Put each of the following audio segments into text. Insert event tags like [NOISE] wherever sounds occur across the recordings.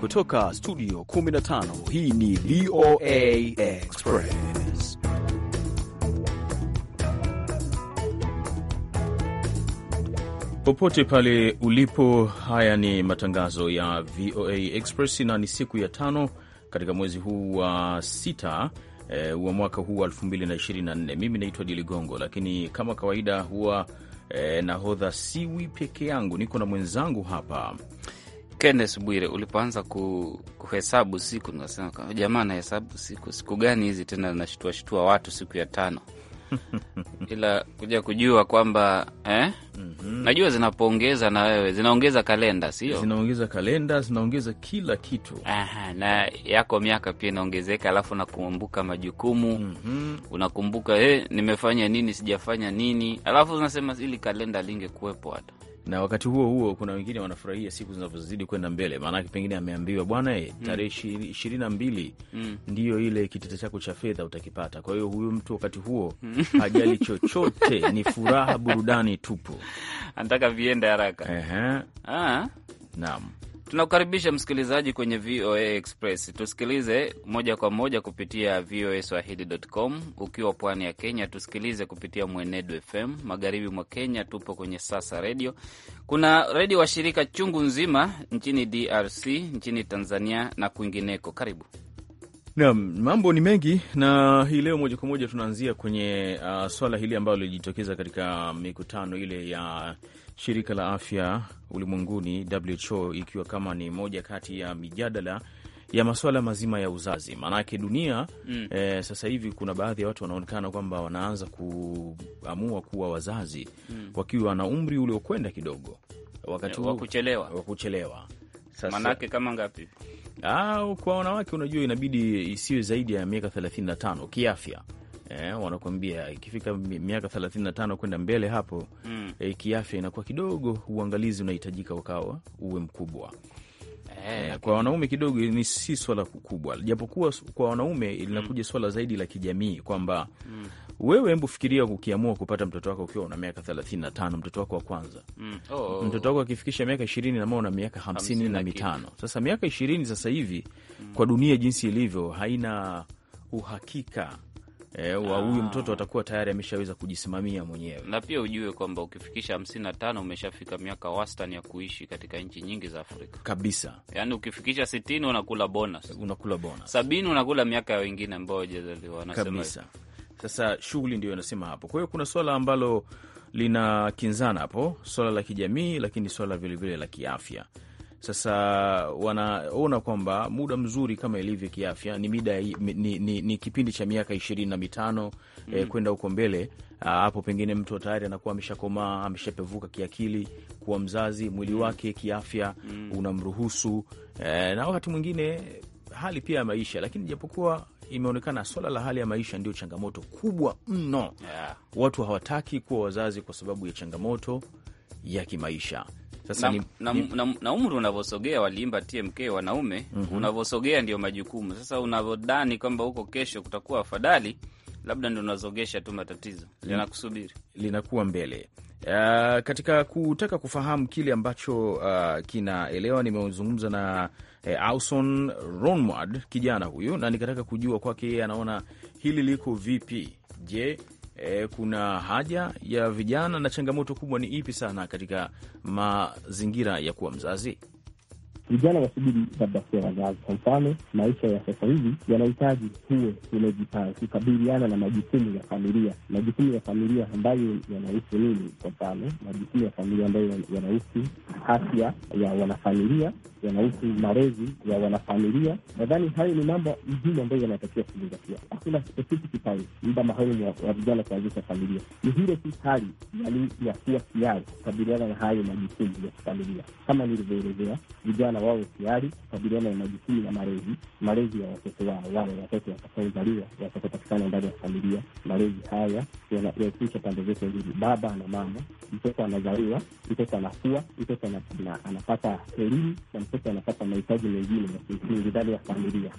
Kutoka studio 15 hii ni VOA Express. Popote pale ulipo, haya ni matangazo ya VOA Express na ni siku ya tano katika mwezi huu wa sita e, wa mwaka huu wa 2024. Mimi naitwa Diligongo, lakini kama kawaida huwa e, nahodha siwi peke yangu, niko na mwenzangu hapa Kenneth Bwire. Ulipoanza kuhesabu siku, nasema jamaa, nahesabu siku, siku gani hizi tena? Nashtuashtua watu siku ya tano [LAUGHS] ila kuja kujua kwamba eh? mm -hmm. Najua zinapoongeza na wewe zinaongeza kalenda, sio? Zinaongeza kalenda, zinaongeza kila kitu. Aha, na yako miaka pia inaongezeka, alafu unakumbuka majukumu mm -hmm. Unakumbuka eh, nimefanya nini, sijafanya nini, alafu unasema ili kalenda lingekuwepo hata na wakati huo huo kuna wengine wanafurahia siku zinavyozidi kwenda mbele, maanake pengine ameambiwa bwana, e, tarehe ishirini na mbili mm. ndiyo ile kitita chako cha fedha utakipata. Kwa hiyo huyu mtu wakati huo mm. [LAUGHS] hajali chochote, ni furaha, burudani tupu anataka vienda haraka. Ah. Naam. Tunakukaribisha msikilizaji kwenye VOA Express. Tusikilize moja kwa moja kupitia VOA Swahili.com. Ukiwa pwani ya Kenya, tusikilize kupitia Mwenedu FM. Magharibi mwa Kenya tupo kwenye Sasa Redio. Kuna redio wa shirika chungu nzima nchini DRC, nchini Tanzania na kwingineko. Karibu. Naam, mambo ni mengi na hii leo moja kwa moja tunaanzia kwenye uh, swala hili ambalo lilijitokeza katika mikutano ile ya shirika la afya ulimwenguni WHO ikiwa kama ni moja kati ya mijadala ya maswala mazima ya uzazi maanake dunia mm. E, sasa hivi kuna baadhi ya watu wanaonekana kwamba wanaanza kuamua kuwa wazazi mm. wakiwa na umri uliokwenda kidogo, wakati eh, wa kuchelewa. kama ngapi? Au ah, kwa wanawake, unajua inabidi isiwe zaidi ya miaka 35 kiafya eh, wanakuambia ikifika miaka thelathini na tano kwenda mbele hapo mm. eh, kiafya inakuwa kidogo, uangalizi unahitajika ukawa uwe mkubwa eh, eh kwa wanaume kidogo ni si swala kubwa, japokuwa kwa wanaume linakuja mm. swala zaidi la kijamii kwamba mm. wewe, hebu fikiria ukiamua kupata mtoto wako ukiwa una miaka thelathini na tano mtoto wako wa kwanza mm. oh. oh. mtoto wako akifikisha miaka ishirini na una miaka hamsini na mitano sasa miaka ishirini sasa hivi mm. kwa dunia jinsi ilivyo haina uhakika e, wa huyu ah. mtoto atakuwa tayari ameshaweza kujisimamia mwenyewe. Na pia ujue kwamba ukifikisha hamsini na tano umeshafika miaka wastani ya kuishi katika nchi nyingi za Afrika kabisa. Yani ukifikisha sitini unakula bonus, unakula bonus sabini unakula miaka ya wengine ambao wajazaliwa, kabisa. Sasa shughuli ndio inasema hapo. Kwa hiyo kuna swala ambalo linakinzana hapo, swala la kijamii, lakini swala vilevile la kiafya. Sasa wanaona kwamba muda mzuri kama ilivyo kiafya ni, mida, ni, ni, ni kipindi cha miaka ishirini na mitano mm. eh, mm-hmm. kwenda huko mbele ah, hapo pengine mtu tayari anakuwa ameshakomaa ameshapevuka kiakili, kuwa mzazi, mwili mm-hmm. wake kiafya mm. unamruhusu eh, na wakati mwingine hali pia ya maisha, lakini japokuwa imeonekana swala la hali ya maisha ndio changamoto kubwa mno yeah. Watu hawataki kuwa wazazi kwa sababu ya changamoto ya kimaisha sasa na, na, na, na umri unavyosogea, waliimba TMK wanaume mm -hmm. Unavyosogea ndio majukumu sasa, unavyodhani kwamba huko kesho kutakuwa afadhali, labda ndio unazogesha tu matatizo linakusubiri linakuwa mbele. Uh, katika kutaka kufahamu kile ambacho uh, kinaelewa, nimezungumza na eh, Auson Ronward kijana huyu, na nikataka kujua kwake yeye anaona hili liko vipi. Je, e, kuna haja ya vijana na changamoto kubwa ni ipi sana katika mazingira ya kuwa mzazi? Vijana wasubiri labda kuwa wazazi Kwa mfano, maisha ya sasa hivi yanahitaji huwe umejipanga kukabiliana na majukumu ya familia, majukumu ya familia ambayo yanahusu nini? Kwa mfano, majukumu ya familia ambayo yanahusu afya ya wanafamilia, yanahusu malezi ya wanafamilia. Nadhani hayo ni mambo muhimu ambayo yanatakiwa kuzingatia. Hakuna specific time muda maalumu wa vijana kuanzisha familia, ni hile tu hali yali ya kuwa tayari kukabiliana na hayo majukumu ya kifamilia, kama nilivyoelezea vijana vijana wao tayari kukabiliana na majukumu ya malezi, malezi ya watoto wao, wale watoto watakaozaliwa watakaopatikana ndani ya familia. Malezi haya yanahusisha pande zote mbili, baba na mama. Mtoto anazaliwa, mtoto anakua, mtoto anapata elimu na mtoto anapata mahitaji mengine ya ndani ya familia.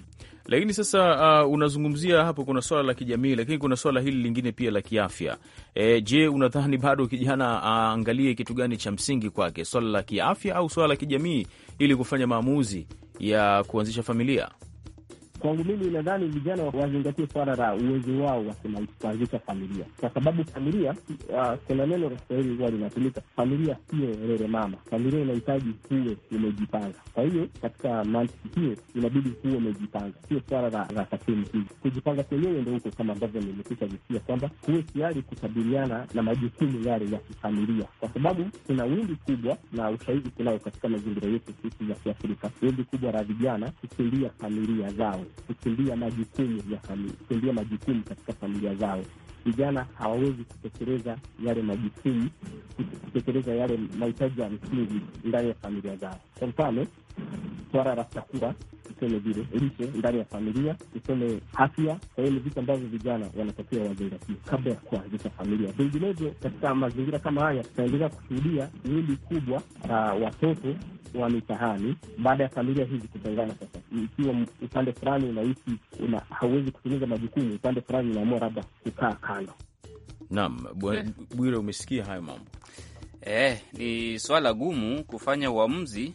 Lakini sasa uh, unazungumzia hapo, kuna swala la kijamii, lakini kuna swala hili lingine pia la kiafya. E, je, unadhani bado kijana aangalie uh, kitu gani cha msingi kwake, swala la kiafya au swala la kijamii ili kufanya maamuzi ya kuanzisha familia? Kwangu mimi nadhani vijana wazingatie swala la uwezo wao wa kuanzisha familia, kwa sababu familia, ah, kuna neno la Kiswahili huwa linatumika, familia sio rere mama. Familia inahitaji huwe umejipanga. Kwa hiyo katika mantiki hiyo inabidi huwe umejipanga, sio swala la takwimu hizi. Kujipanga kwenyewe ndo huko, kama ambavyo nimekisha visia kwamba huwe tayari kukabiliana na majukumu yale ya kifamilia, kwa sababu kuna wingi kubwa na ushahidi tunao katika mazingira yetu sisi ya Kiafrika, wingi kubwa la vijana kukimbia familia zao kukimbia majukumu ya familia, kukimbia majukumu katika familia zao. Vijana hawawezi kutekeleza yale majukumu, kutekeleza yale mahitaji ya msingi ndani ya familia zao. Kwa mfano swara la chakula, tuseme vile lishe ndani ya familia, tuseme afya. Kwa hiyo ni vitu ambavyo vijana wanatakiwa wazingatie kabla ya kuanzisha familia. Vinginevyo, katika mazingira kama haya, tutaendelea kushuhudia wimbi kubwa la watoto wa mitahani baada ya familia hizi kutengana. Sasa ikiwa upande fulani unahisi una hauwezi kutimiza majukumu, upande fulani unaamua labda kukaa kando. Naam, Bwire, umesikia hayo mambo Eh, ni swala gumu kufanya uamuzi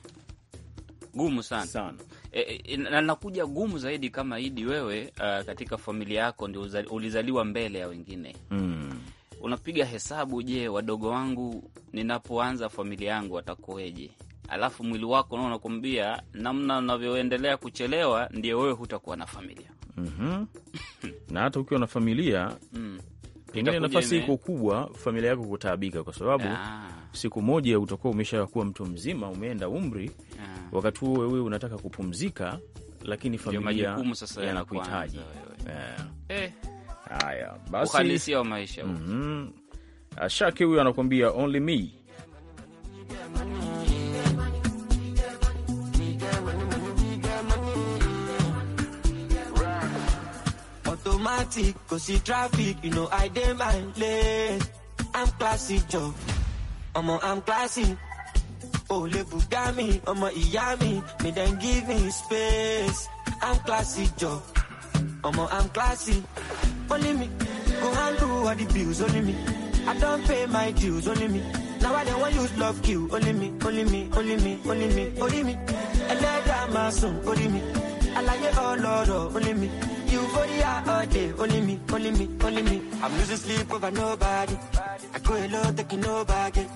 gumu sana, sana. E, na nakuja gumu zaidi kama Idi wewe, uh, katika familia yako ndio ulizaliwa mbele ya wengine mm. Unapiga hesabu, je, wadogo wangu ninapoanza familia yangu watakuweje? Alafu mwili wako nao unakuambia namna unavyoendelea kuchelewa ndio wewe hutakuwa na familia mm -hmm. [LAUGHS] na hata ukiwa na familia mm pengine nafasi iko kubwa, familia yako kutaabika, kwa sababu Aa. Ah. siku moja utakuwa umeshakuwa mtu mzima, umeenda umri Aa. Ah. wakati huo wewe unataka kupumzika, lakini familia yanakuhitaji. Eh. Eh. Haya basi, uhalisia wa maisha. Ashake mhm. huyo anakuambia only me automatic, cause see traffic, you know I dey mind late. I'm classy, Joe. Omo, I'm classy. Oh, le bugami, omo iyami, me then give me space. I'm classy, Joe. Omo, I'm classy. Only me, go handle all the bills, only me. I don't pay my dues, only me. Now I don't want use love kill, only me, only me, only me, only me, only me. And let that my son, only me. I like it all, Lord, only me. You for Oh, all day. Only me, only me, only me. I'm losing sleep over nobody. I go a lot, taking no baggage.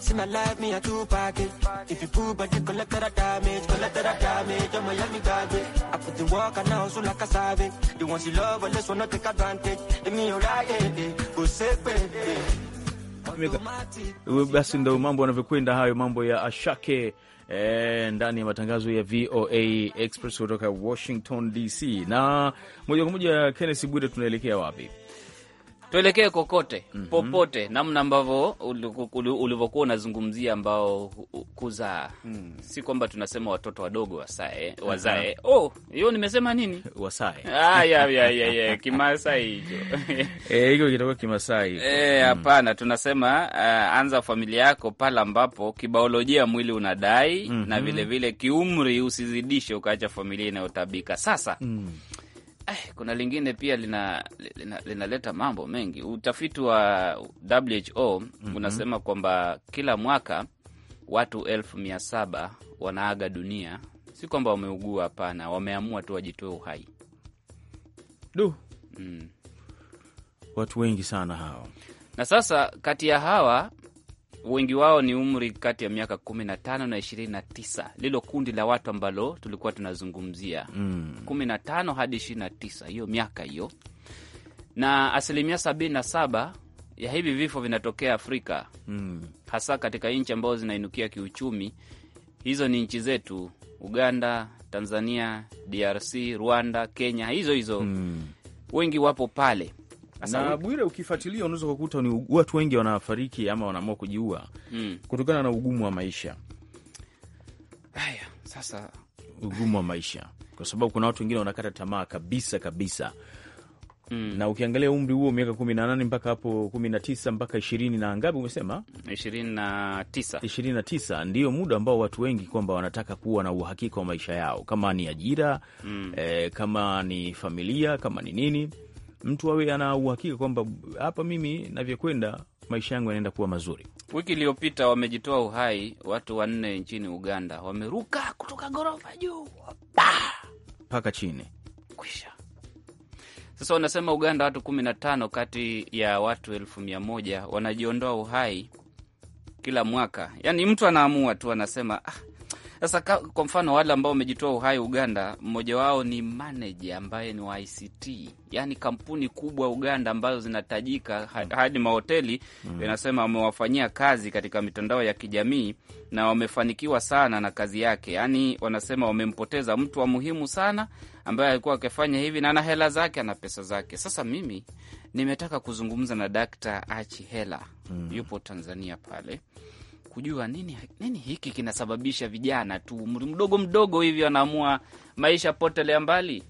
See my life, me a two package. If you pull body, collateral damage, collateral damage. I'm Miami garbage. I put the work and now so like a savage. You want to love, but this one not take advantage. Let me alright, eh, eh. Go safe, eh, eh. Basi ndo mambo yanavyokwenda hayo, mambo ya Ashake e, ndani ya matangazo ya VOA Express kutoka Washington DC. Na moja kwa moja, Kennes Bwire, tunaelekea wapi? tuelekee kokote mm -hmm. popote, namna ambavyo ulivyokuwa unazungumzia ambao kuzaa mm. si kwamba tunasema watoto wadogo wasae wazae oh, hiyo nimesema nini wasae ah, ya, ya, ya, ya. Kimasai hicho [LAUGHS] eh, hicho kitakuwa Kimasai eh, hmm. hapana. E, mm. tunasema uh, anza familia yako pale ambapo kibaolojia mwili unadai mm -hmm. na vilevile mhm. vile kiumri usizidishe ukaacha familia inayotabika sasa mm. Eh, kuna lingine pia linaleta lina, lina mambo mengi. Utafiti wa WHO mm -hmm. unasema kwamba kila mwaka watu elfu mia saba wanaaga dunia, si kwamba wameugua, hapana, wameamua tu wajitoe uhai. Du mm. watu wengi sana hawa na sasa kati ya hawa wengi wao ni umri kati ya miaka kumi na tano na ishirini na tisa lilo kundi la watu ambalo tulikuwa tunazungumzia mm. kumi na tano hadi ishirini na tisa hiyo miaka hiyo, na asilimia sabini na saba ya hivi vifo vinatokea Afrika mm. hasa katika nchi ambazo zinainukia kiuchumi. Hizo ni nchi zetu Uganda, Tanzania, DRC, Rwanda, Kenya, hizo hizo mm. wengi wapo pale na Bwire, ukifuatilia unaweza kukuta ni watu wengi wanafariki ama wanaamua kujiua mm. kutokana na ugumu wa maisha. Aya, sasa ugumu wa maisha, kwa sababu kuna watu wengine wanakata tamaa kabisa kabisa Mm. Na ukiangalia umri huo miaka kumi na nane mpaka hapo kumi na tisa mpaka ishirini na ngapi, umesema ishirini na tisa ishirini na tisa ndiyo muda ambao watu wengi kwamba wanataka kuwa na uhakika wa maisha yao, kama ni ajira mm. eh, kama ni familia, kama ni nini mtu awe ana uhakika kwamba hapa mimi navyokwenda maisha yangu yanaenda kuwa mazuri. Wiki iliyopita wamejitoa uhai watu wanne nchini Uganda, wameruka kutoka ghorofa juu mpaka chini kwisha. Sasa wanasema Uganda watu kumi na tano kati ya watu elfu mia moja wanajiondoa uhai kila mwaka. Yani mtu anaamua tu, anasema ah, sasa kwa mfano wale ambao wamejitoa uhai Uganda, mmoja wao ni manager ambaye ni wa ICT, yaani kampuni kubwa Uganda ambazo zinatajika mm. hadi mahoteli mm. Inasema wamewafanyia kazi katika mitandao ya kijamii na wamefanikiwa sana na kazi yake, yaani wanasema wamempoteza mtu wa muhimu sana ambaye alikuwa akifanya hivi na ana hela zake, ana pesa zake. Sasa mimi nimetaka kuzungumza na Dkt. Achi Hela mm. yupo Tanzania pale kujua nini, nini hiki kinasababisha vijana tu umri mdogo mdogo hivi wanaamua maisha potelea mbali.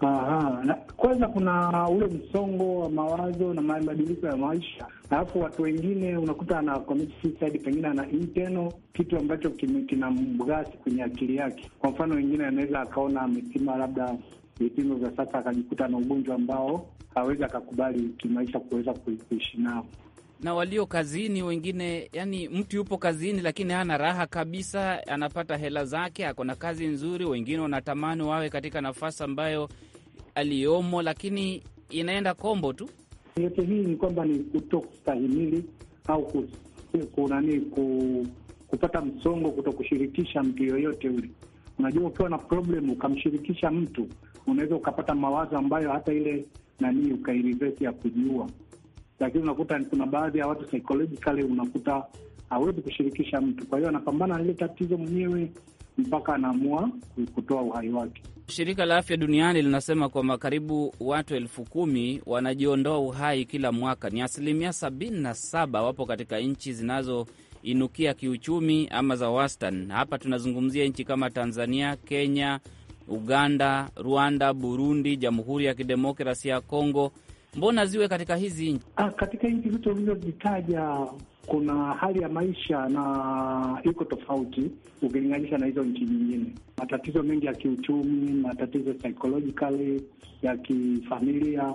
Aha, na kwanza kuna ule msongo wa mawazo na mabadiliko ya maisha, alafu watu wengine unakuta ana commit suicide, pengine ana internal kitu ambacho kinamgasi kwenye akili yake. Kwa mfano, wengine anaweza akaona amepima labda vipimo vya sasa akajikuta na ugonjwa ambao hawezi akakubali kimaisha kuweza kuishi nao na walio kazini wengine, yani mtu yupo kazini lakini hana raha kabisa, anapata hela zake, ako na kazi nzuri. Wengine wanatamani wawe katika nafasi ambayo aliyomo, lakini inaenda kombo tu. Yote hii ni kwamba ni kutostahimili au ku, ku, ku, kupata msongo, kutokushirikisha mtu yoyote ule. Unajua, ukiwa na problem ukamshirikisha mtu, unaweza ukapata mawazo ambayo hata ile nani ukairivesi ya kujiua lakini unakuta kuna baadhi ya watu psychologically unakuta hawezi kushirikisha mtu, kwa hiyo anapambana na ile tatizo mwenyewe mpaka anaamua kutoa uhai wake. Shirika la Afya Duniani linasema kwamba karibu watu elfu kumi wanajiondoa uhai kila mwaka. Ni asilimia sabini na saba wapo katika nchi zinazoinukia kiuchumi ama za wastani. Hapa tunazungumzia nchi kama Tanzania, Kenya, Uganda, Rwanda, Burundi, Jamhuri ya Kidemokrasia ya Kongo mbona ziwe katika hizi nchi? Ah, katika nchi vitu vilivyovitaja kuna hali ya maisha na iko tofauti ukilinganisha na hizo nchi nyingine. Matatizo mengi ya kiuchumi, matatizo psychologically ya kifamilia,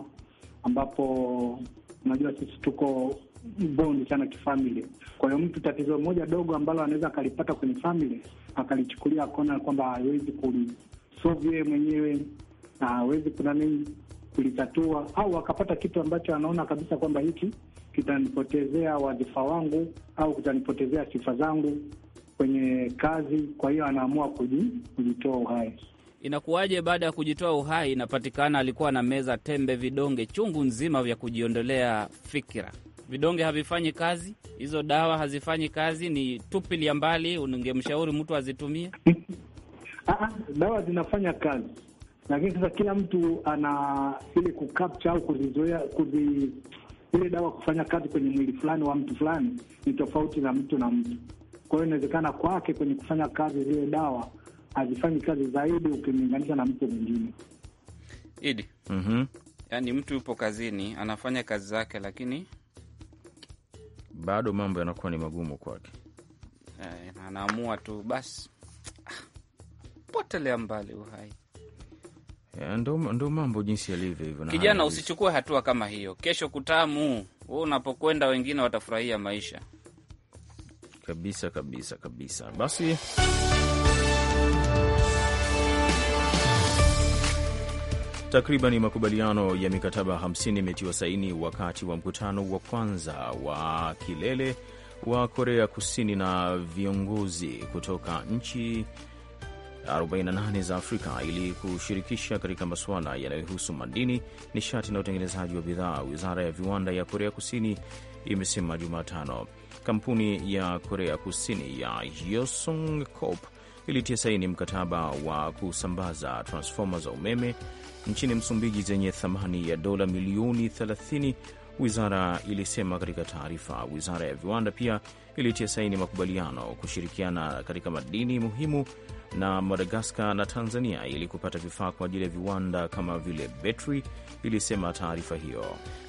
ambapo unajua sisi tuko bondi sana kifamili. Kwa hiyo mtu tatizo moja dogo ambalo anaweza akalipata kwenye famili akalichukulia kona kwamba hawezi kulisolve yeye mwenyewe na hawezi nini kulitatua, au akapata kitu ambacho anaona kabisa kwamba hiki kitanipotezea wadhifa wangu au kitanipotezea sifa zangu kwenye kazi, kwa hiyo anaamua kujitoa uhai. Inakuwaje baada ya kujitoa uhai? Inapatikana alikuwa na meza tembe, vidonge chungu nzima vya kujiondolea fikira. Vidonge havifanyi kazi, hizo dawa hazifanyi kazi, ni tupilia mbali. Ungemshauri mtu azitumie? [LAUGHS] Ah, ah, dawa zinafanya kazi, lakini sasa kila mtu ana ile kukapcha au kuzizoea kuzi ile dawa kufanya kazi kwenye mwili fulani wa mtu fulani ni tofauti na mtu na mtu. Kwa hiyo inawezekana kwake kwenye kufanya kazi zile dawa hazifanyi kazi zaidi ukimlinganisha na mtu mwingine idi. mm -hmm. Yaani mtu yupo kazini anafanya kazi zake, lakini bado mambo yanakuwa ni magumu kwake, eh, anaamua tu basi, ah, potelea mbali uhai Eh, ndo mambo jinsi yalivyo hivyo. Kijana, usichukue hatua kama hiyo, kesho kutamu. We unapokwenda wengine watafurahia maisha kabisa kabisa kabisa. Basi Takriban makubaliano ya mikataba 50 imetiwa saini wakati wa mkutano wa kwanza wa kilele wa Korea Kusini na viongozi kutoka nchi 48 za Afrika ili kushirikisha katika masuala yanayohusu madini, nishati na utengenezaji wa bidhaa, wizara ya viwanda ya Korea Kusini imesema Jumatano. Kampuni ya Korea Kusini ya Yosung Corp ilitia saini mkataba wa kusambaza transfoma za umeme nchini Msumbiji zenye thamani ya dola milioni 30, wizara ilisema katika taarifa. Wizara ya viwanda pia ilitia saini makubaliano kushirikiana katika madini muhimu na Madagaskar na Tanzania ili kupata vifaa kwa ajili ya viwanda kama vile betri, ilisema taarifa hiyo.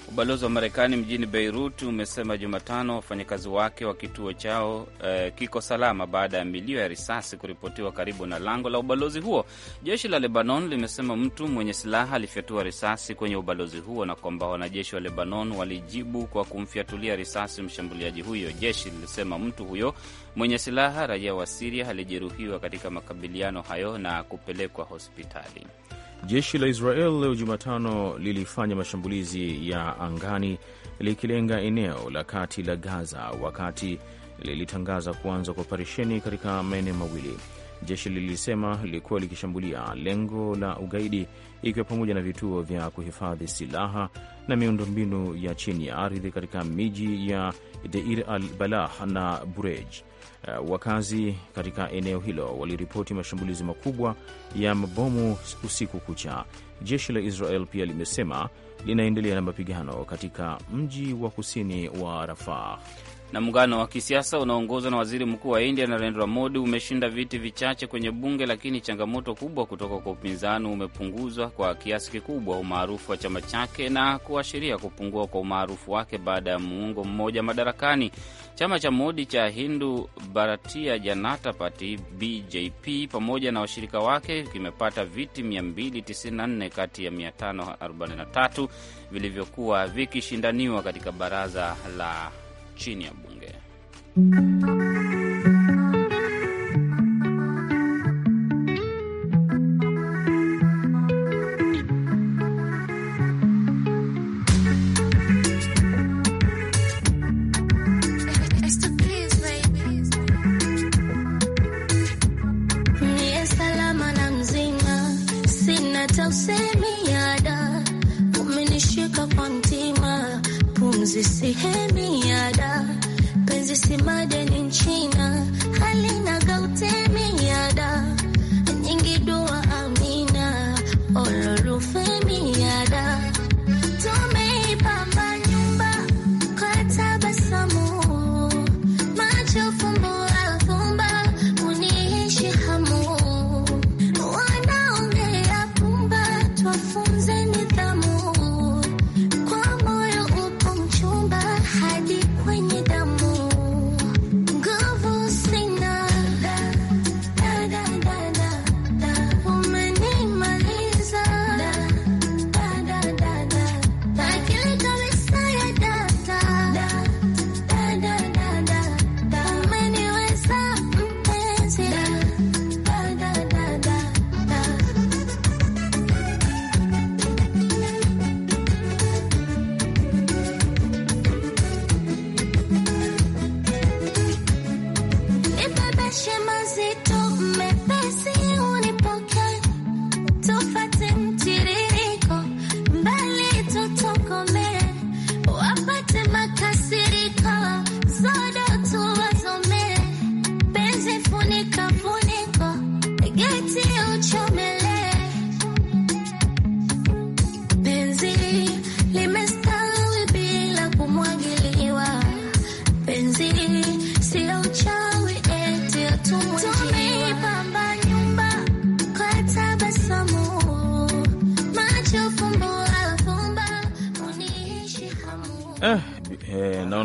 Ubalozi wa Marekani mjini Beirut umesema Jumatano wafanyakazi wake wa kituo chao eh, kiko salama baada ya milio ya risasi kuripotiwa karibu na lango la ubalozi huo. Jeshi la Lebanon limesema mtu mwenye silaha alifyatua risasi kwenye ubalozi huo na kwamba wanajeshi wa Lebanon walijibu kwa kumfyatulia risasi mshambuliaji huyo, jeshi lilisema kusema mtu huyo mwenye silaha, raia wa Siria, alijeruhiwa katika makabiliano hayo na kupelekwa hospitali. Jeshi la Israel leo Jumatano lilifanya mashambulizi ya angani likilenga eneo la kati la Gaza wakati lilitangaza kuanza kwa operesheni katika maeneo mawili. Jeshi lilisema lilikuwa likishambulia lengo la ugaidi ikiwa pamoja na vituo vya kuhifadhi silaha na miundombinu ya chini ya ardhi katika miji ya Deir al Balah na Burej. Uh, wakazi katika eneo hilo waliripoti mashambulizi makubwa ya mabomu usiku kucha. Jeshi la Israel pia limesema linaendelea na mapigano katika mji wa kusini wa Rafah na muungano wa kisiasa unaoongozwa na waziri mkuu wa India Narendra Modi umeshinda viti vichache kwenye bunge, lakini changamoto kubwa kutoka kwa upinzani umepunguzwa kwa kiasi kikubwa umaarufu wa chama chake na kuashiria kupungua kwa umaarufu wake baada ya muungo mmoja madarakani. Chama cha Modi cha Hindu Bharatiya Janata Party BJP pamoja na washirika wake kimepata viti 294 kati ya 543 vilivyokuwa vikishindaniwa katika baraza la chini ya bunge.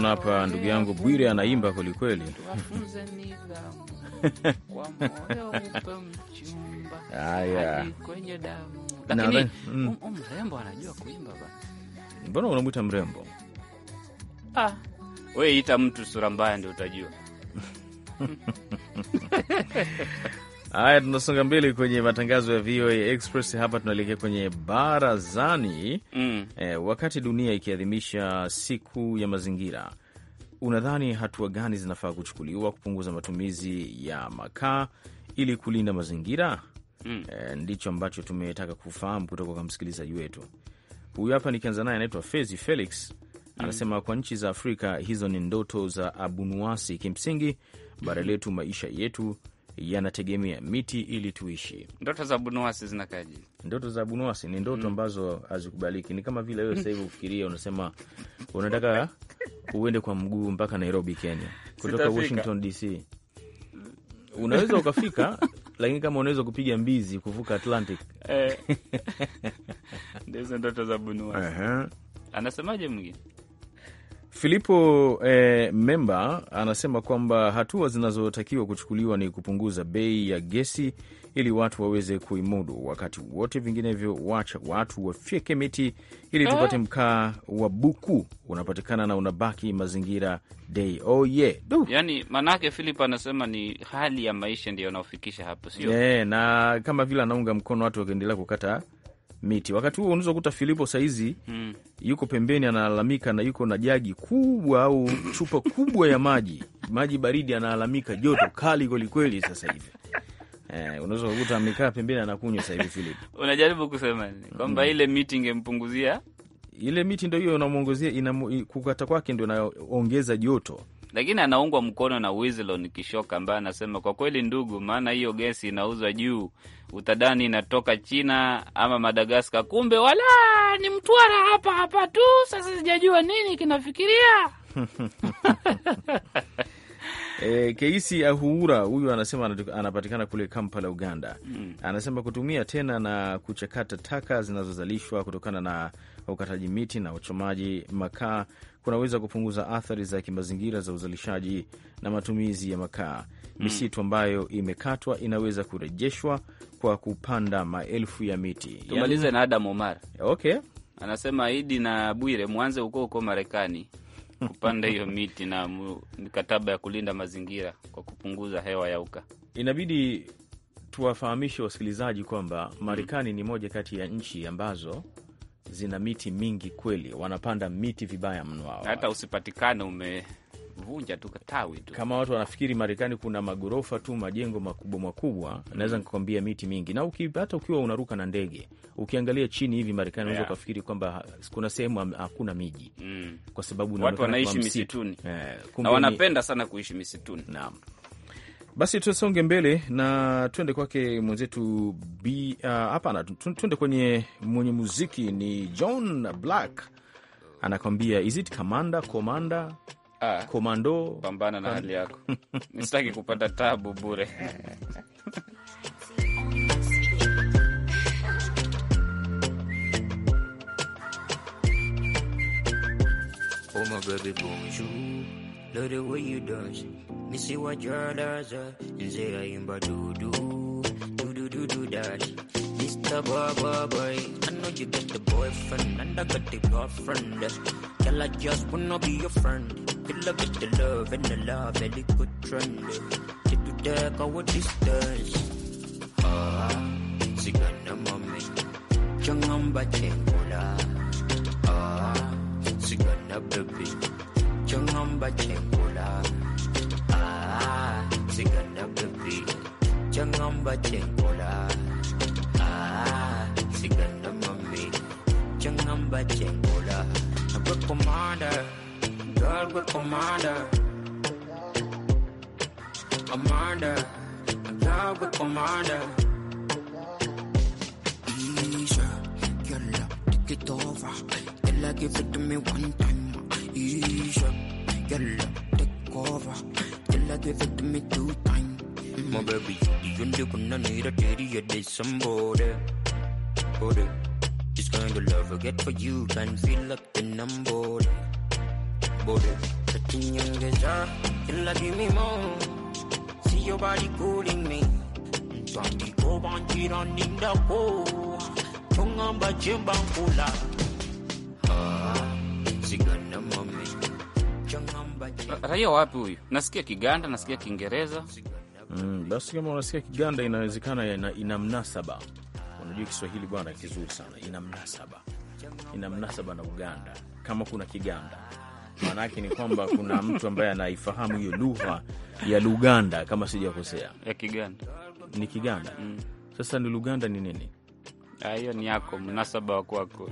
Naona hapa ndugu yangu Bwire anaimba kwelikweli. Um- mm. um- Mbona unamwita mrembo? Ah, we ita mtu sura mbaya ndio utajua. [LAUGHS] Haya, tunasonga mbele kwenye matangazo ya VOA Express. Hapa tunaelekea kwenye barazani mm. E, wakati dunia ikiadhimisha siku ya mazingira, unadhani hatua gani zinafaa kuchukuliwa kupunguza matumizi ya makaa ili kulinda mazingira? mm. E, ndicho ambacho tumetaka kufahamu kutoka kwa msikilizaji wetu huyu hapa. Nikianza naye anaitwa Fezi Felix mm. anasema kwa nchi za Afrika hizo ni ndoto za abunuasi, kimsingi bara letu maisha yetu yanategemea miti ili tuishi. Ndoto za Bunuasi zinakaje? Ndoto za Bunuasi ni ndoto hmm. ambazo mm, hazikubaliki. Ni kama vile wewe sahivi ufikiria [LAUGHS] unasema unataka uende kwa mguu mpaka Nairobi, Kenya, [LAUGHS] kutoka Sitafika Washington DC [LAUGHS] unaweza ukafika lakini kama unaweza kupiga mbizi kuvuka Atlantic eh. ndizo ndoto za Bunuasi. Anasemaje mwingine? Filipo eh, Memba anasema kwamba hatua zinazotakiwa kuchukuliwa ni kupunguza bei ya gesi ili watu waweze kuimudu wakati wote, vinginevyo wacha watu wafyeke miti ili eh? tupate mkaa wa buku unapatikana na unabaki mazingira day. Oh yeah. Yani, manake anasema ni hali ya maisha ndio anaofikisha hapo, sio? Yeah, na kama vile anaunga mkono watu wakiendelea kukata miti. Wakati huo unaweza kuta Filipo saizi mm. yuko pembeni analalamika, na yuko na jagi kubwa au chupa kubwa ya maji maji baridi, analalamika joto kali kwelikweli sasa hivi. Eh, unaweza kukuta amekaa pembeni anakunywa sasa hivi Filipo. Unajaribu kusema nini? Kwamba mm. ile miti ingempunguzia ile miti ndo hiyo inamwongezea, kukata kwake ndo inaongeza joto lakini anaungwa mkono na Wislon Kishoka ambaye anasema kwa kweli, ndugu, maana hiyo gesi inauzwa juu, utadani inatoka China ama Madagaskar, kumbe wala ni Mtwara hapa hapa tu. Sasa sijajua nini kinafikiria [LAUGHS] E, Keisi Ahuura huyu anasema anapatikana kule Kampala, Uganda. Hmm. Anasema kutumia tena na kuchakata taka zinazozalishwa kutokana na ukataji miti na uchomaji makaa kunaweza kupunguza athari za kimazingira za uzalishaji na matumizi ya makaa. Misitu ambayo imekatwa inaweza kurejeshwa kwa kupanda maelfu ya miti. Tumalize yani... na Adam Omar, okay, anasema Idi na Bwire, mwanze huko huko Marekani kupanda hiyo miti na mikataba ya kulinda mazingira kwa kupunguza hewa ya uka. Inabidi tuwafahamishe wasikilizaji kwamba Marekani mm. ni moja kati ya nchi ambazo zina miti mingi kweli, wanapanda miti vibaya mno hao. Hata usipatikane umevunja tu tu. Kama watu wanafikiri Marekani kuna magorofa tu majengo makubwa makubwa, naweza nikakwambia miti mingi, na hata ukiwa unaruka na ndege ukiangalia chini hivi Marekani unaweza yeah, ukafikiri kwamba kuna sehemu hakuna miji mm, kwa sababu watu wanaishi misituni, yeah, na wanapenda sana kuishi misituni. Naam. Basi tusonge mbele na tuende kwake mwenzetu b hapana, uh, tuende kwenye mwenye muziki ni John Black anakwambia is it kamanda komanda ah, komando pambana na hali yako nisitaki [LAUGHS] kupata tabu bure Oh, my baby, bonjour. Love the way you dance. Me see what your does are. And say I am bad, do do. Do do do do that. Mr. Baba boy. I know you got the boyfriend and I got the girlfriend. girl I just wanna be your friend. Fill up with the love and the love and the good trend. To do that, I would distance. Ah, sigana mommy. Changamba chekula. Ah, sigana baby. Jangamba Chengula. Ah, Sigan of the Beat. Jangamba Chengula. Ah, Sigan of Mummy. Jangamba Chengula. i good commander. Girl, good commander. Commander. Girl, good commander. Easy, girl, take it over. Till I give it to me one time. easy girl take over till I give it to me two time. Mm. My baby, you going I need a daddy you this somebody. Body. This kind of love I get for you can feel like the number. Body. Touching your desire, till I give me more. See your body calling me. Don't be go on, get on in the hole. Tongue on, but you're bangula. Ah, see, gonna Raia wapi huyu? Nasikia Kiganda, nasikia Kiingereza. Mm, basi kama unasikia Kiganda inawezekana ina, ina mnasaba. Unajua Kiswahili bwana kizuri sana, ina mnasaba, ina mnasaba na Uganda. Kama kuna Kiganda maana yake ni kwamba kuna mtu ambaye anaifahamu hiyo lugha ya Luganda, kama sijakosea, ya Kiganda ni Kiganda. Mm. Sasa ni Luganda ni nini? Ah, hiyo ni yako mnasaba wa kwako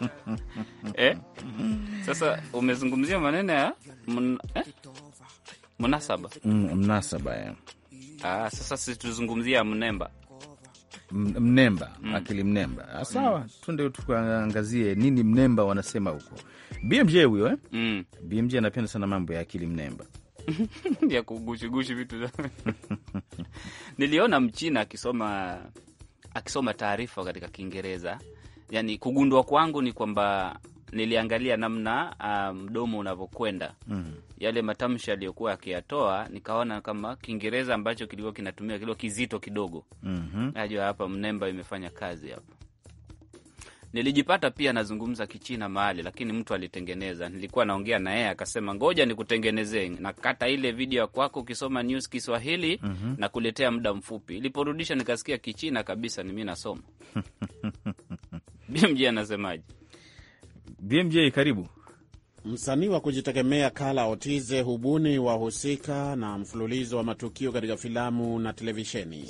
[LAUGHS] eh? Sasa umezungumzia maneno ya eh? Mm, mnasaba eh? mm, mnasaba Ah, sasa situzungumzia mnemba mnemba mm. akili mnemba ah, mm. sawa mm. Tunde tukaangazie nini mnemba wanasema huko BMJ huyo eh? mm. BMJ anapenda sana mambo ya akili mnemba [LAUGHS] ya kugushigushi vitu [LAUGHS] niliona mchina akisoma akisoma taarifa katika Kiingereza. Yani kugundua kwangu ni kwamba niliangalia namna ah, mdomo um, unavyokwenda mm Yale matamshi aliyokuwa akiyatoa nikaona kama Kiingereza ambacho kilikuwa kinatumia kilikuwa kizito kidogo mm -hmm. Najua hapa mnemba imefanya kazi hapa Nilijipata pia nazungumza Kichina mahali, lakini mtu alitengeneza. Nilikuwa naongea na yeye akasema, ngoja nikutengenezee, nakata ile video ya kwako ukisoma news Kiswahili mm -hmm. na kuletea muda mfupi. Iliporudisha nikasikia Kichina kabisa, nimi nasoma [LAUGHS] BMJ anasemaje? BMJ, karibu. Msanii wa kujitegemea Kala Otize hubuni wahusika na mfululizo wa matukio katika filamu na televisheni.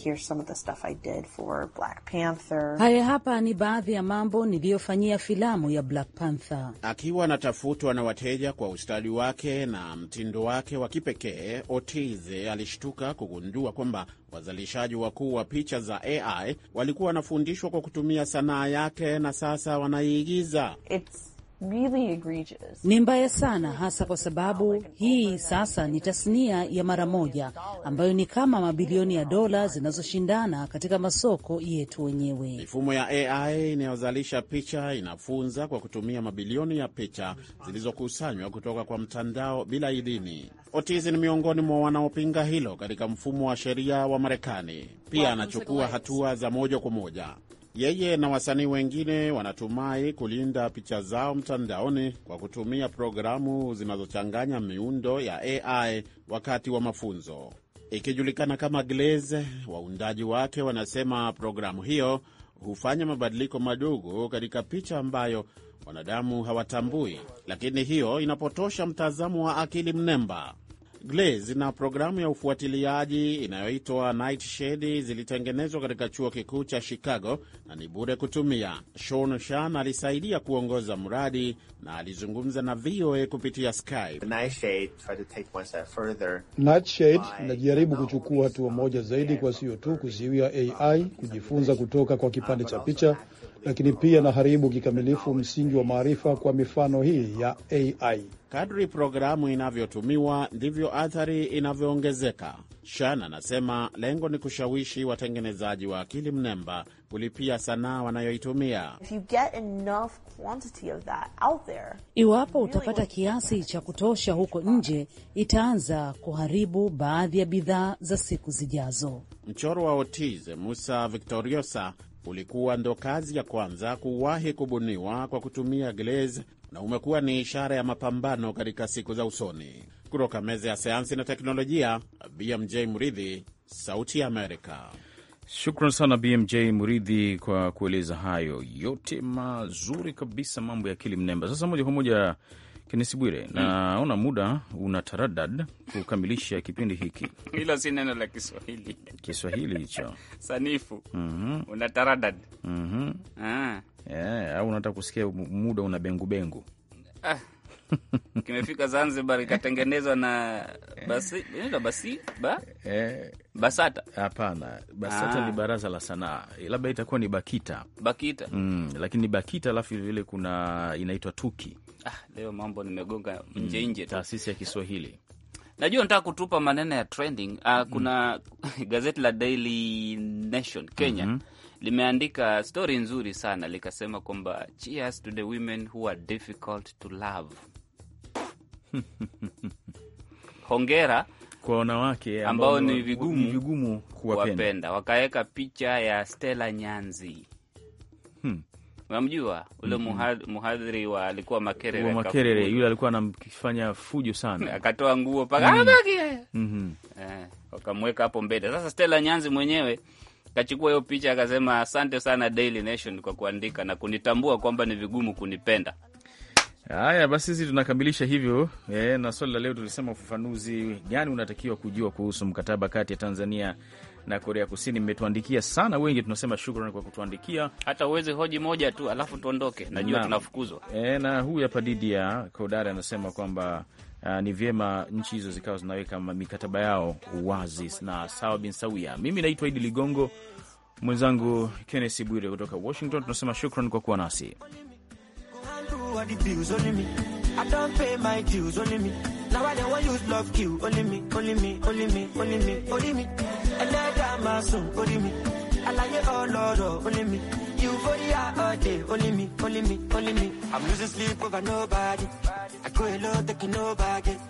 Haya hapa ni baadhi ya mambo niliyofanyia filamu ya Black Panther. Akiwa anatafutwa na wateja kwa ustadi wake na mtindo wake wa kipekee, Otize alishtuka kugundua kwamba wazalishaji wakuu wa picha za AI walikuwa wanafundishwa kwa kutumia sanaa yake na sasa wanaiigiza It's... Really egregious. Ni mbaya sana hasa kwa sababu hii sasa ni tasnia ya mara moja ambayo ni kama mabilioni ya dola zinazoshindana katika masoko yetu wenyewe. Mifumo ya AI inayozalisha picha inafunza kwa kutumia mabilioni ya picha zilizokusanywa kutoka kwa mtandao bila idhini. Otizi ni miongoni mwa wanaopinga hilo katika mfumo wa sheria wa Marekani. Pia anachukua hatua za moja kwa moja yeye na wasanii wengine wanatumai kulinda picha zao mtandaoni kwa kutumia programu zinazochanganya miundo ya AI wakati wa mafunzo, ikijulikana kama Glaze. Waundaji wake wanasema programu hiyo hufanya mabadiliko madogo katika picha ambayo wanadamu hawatambui, lakini hiyo inapotosha mtazamo wa akili mnemba. Glaze na programu ya ufuatiliaji inayoitwa shedi zilitengenezwa katika chuo kikuu cha Chicago na ni bure kutumia. Sean Shan alisaidia kuongoza mradi na alizungumza na VOA kupitia Skype. inajaribu kuchukua hatua moja zaidi kwa sio tu kuziwia AI kujifunza kutoka kwa kipande cha picha, lakini pia inaharibu kikamilifu msingi wa maarifa kwa mifano hii ya AI. Kadri programu inavyotumiwa ndivyo athari inavyoongezeka. Shan anasema lengo ni kushawishi watengenezaji wa akili mnemba kulipia sanaa wanayoitumia. Iwapo utapata kiasi cha kutosha huko nje, itaanza kuharibu baadhi ya bidhaa za siku zijazo. Mchoro wa Otize Musa Victoriosa ulikuwa ndo kazi ya kwanza kuwahi kubuniwa kwa kutumia glaze na umekuwa ni ishara ya mapambano katika siku za usoni. Kutoka meza ya sayansi na teknolojia, BMJ mridhi Sauti ya Amerika. Shukran sana BMJ Muridhi kwa kueleza hayo yote mazuri kabisa, mambo ya akili mnemba. Sasa moja kwa moja Kenesi Bwire, hmm. naona muda una taradad kukamilisha kipindi hiki. [LAUGHS] Hilo si neno la Kiswahili, Kiswahili hicho sanifu. mm -hmm. una taradad mm -hmm. ah. yeah, au unataka kusikia muda una bengubengu bengu. ah. [LAUGHS] kimefika Zanzibar, ikatengenezwa na basi, basi, ba? Eh. BASATA. Hapana, BASATA Aa. Ah. ni baraza la sanaa, eh, labda itakuwa ni BAKITA, BAKITA. Mm, lakini ni BAKITA alafu vilevile kuna inaitwa TUKI. Ah, leo mambo nimegonga mm, nje nje, taasisi ya Kiswahili Najua nataka kutupa maneno ya trending. Uh, kuna mm. [LAUGHS] gazeti la Daily Nation Kenya mm -hmm. limeandika stori nzuri sana likasema kwamba cheers to the women who are difficult to love [LAUGHS] hongera kwa wanawake ambao ni vigumu, vigumu kuwapenda. Wakaweka picha ya Stella Nyanzi hmm. Unamjua ule mhadhiri wa alikuwa Makerere Makerere, yule alikuwa anamfanya fujo sana [LAUGHS] akatoa nguo paka -hmm. -hmm. eh, wakamweka hapo mbele. Sasa Stella Nyanzi mwenyewe kachukua hiyo picha akasema, asante sana Daily Nation kwa kuandika na kunitambua kwamba ni vigumu kunipenda. Haya basi, sisi tunakamilisha hivyo e, na swali la leo tulisema ufafanuzi gani unatakiwa kujua kuhusu mkataba kati ya Tanzania na Korea Kusini. Mmetuandikia sana wengi, tunasema shukrani kwa kutuandikia. Hata uweze hoji moja tu alafu tuondoke, najua tunafukuzwa. E, na huyu hapa ya Kodari anasema kwamba Uh, ni vyema nchi hizo zikawa zinaweka mikataba yao wazi na sawa bin sawia. Mimi naitwa Idi Ligongo, mwenzangu Kennesi Bwire kutoka Washington. Tunasema shukran kwa kuwa nasi. everybody bills, only me. I don't pay my dues, only me. Now I don't want use love kill, only me, only me, only me, only me, only me. And I got my soul, only me alaye ọlọ́rọ̀ only me euphoria all day only me only me only me i'm losing sleep over nobody i go hello taking no baggage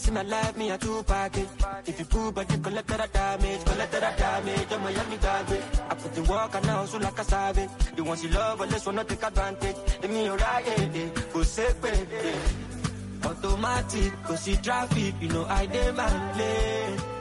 see my life me a two package if you pull back you collect that damage collect that damage i my miami garbage i put the work and now, so like a savage the ones you love unless one not take advantage let me alright eh eh go safe eh, eh. automatic go see traffic you know i demand my